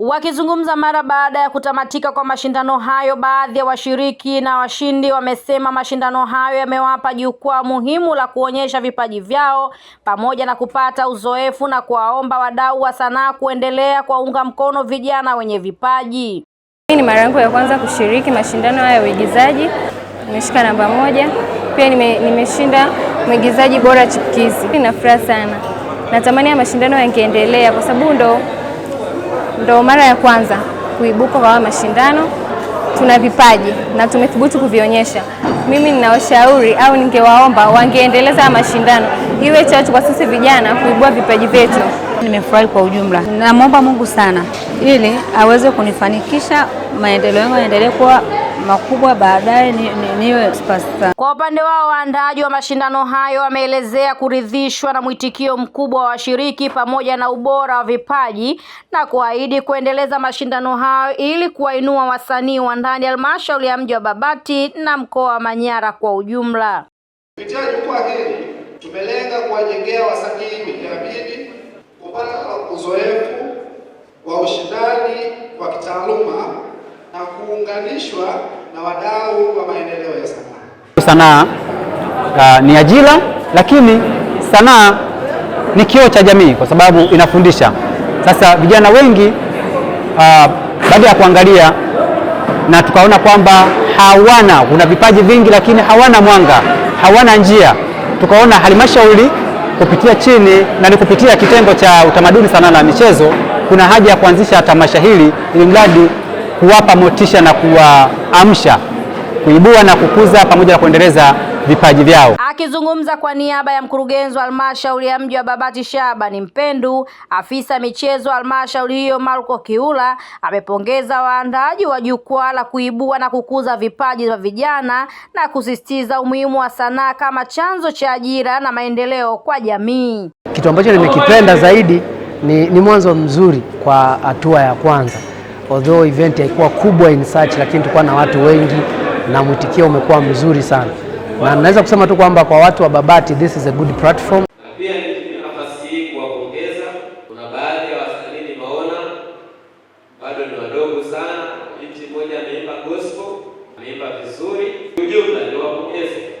Wakizungumza mara baada ya kutamatika kwa mashindano hayo, baadhi ya washiriki na washindi wamesema mashindano hayo yamewapa jukwaa muhimu la kuonyesha vipaji vyao pamoja na kupata uzoefu na kuwaomba wadau wa sanaa kuendelea kuwaunga mkono vijana wenye vipaji. Hii ni mara yangu ya kwanza kushiriki mashindano haya ya uigizaji, nimeshika namba moja. Pia nime, nimeshinda mwigizaji bora chipukizi. Nina furaha sana, natamani ya mashindano yangeendelea kwa sababu ndo ndo mara ya kwanza kuibuka kwa haya mashindano. Tuna vipaji na tumethubutu kuvionyesha. Mimi ninawashauri au ningewaomba wangeendeleza mashindano, iwe chachu kwa sisi vijana kuibua vipaji vyetu. Nimefurahi kwa ujumla, namwomba Mungu sana ili aweze kunifanikisha maendeleo yangu yaendelee kuwa makubwa baadaye ni, ni, niwe superstar. Kwa upande wao waandaaji wa mashindano hayo wameelezea kuridhishwa na mwitikio mkubwa wa washiriki pamoja na ubora wa vipaji na kuahidi kuendeleza mashindano hayo ili kuwainua wasanii wa ndani halmashauri ya mji wa Babati na mkoa wa Manyara kwa ujumla. Kupitia jukwaa hili tumelenga kuwajengea wasanii kuwajengea kupata uzoefu kuunganishwa na wadau wa maendeleo ya sanaa. Sanaa uh, ni ajira, lakini sanaa ni kioo cha jamii kwa sababu inafundisha. Sasa vijana wengi uh, baada ya kuangalia na tukaona kwamba hawana, kuna vipaji vingi lakini hawana mwanga, hawana njia, tukaona halmashauri kupitia chini na ni kupitia kitengo cha utamaduni, sanaa na michezo, kuna haja ya kuanzisha tamasha hili ili mradi kuwapa motisha na kuwaamsha kuibua na kukuza pamoja na kuendeleza vipaji vyao. Akizungumza kwa niaba ya mkurugenzi wa halmashauri ya mji wa Babati Shabani Mpendu, afisa michezo halmashauri hiyo Marco Kiula amepongeza waandaaji wa jukwaa la kuibua na kukuza vipaji vya vijana na kusisitiza umuhimu wa sanaa kama chanzo cha ajira na maendeleo kwa jamii. Kitu ambacho nimekipenda zaidi ni, ni mwanzo mzuri kwa hatua ya kwanza although event haikuwa kubwa in such, lakini tulikuwa na watu wengi na mwitikio umekuwa mzuri sana, na naweza kusema tu kwamba kwa watu wa Babati this is a good platform. Na pia nitumie nafasi hii kuwapongeza, kuna baadhi ya wasanii maona bado ni wadogo sana, binti moja ameimba gospel, ameimba vizuri. Ujumla niwapongeze.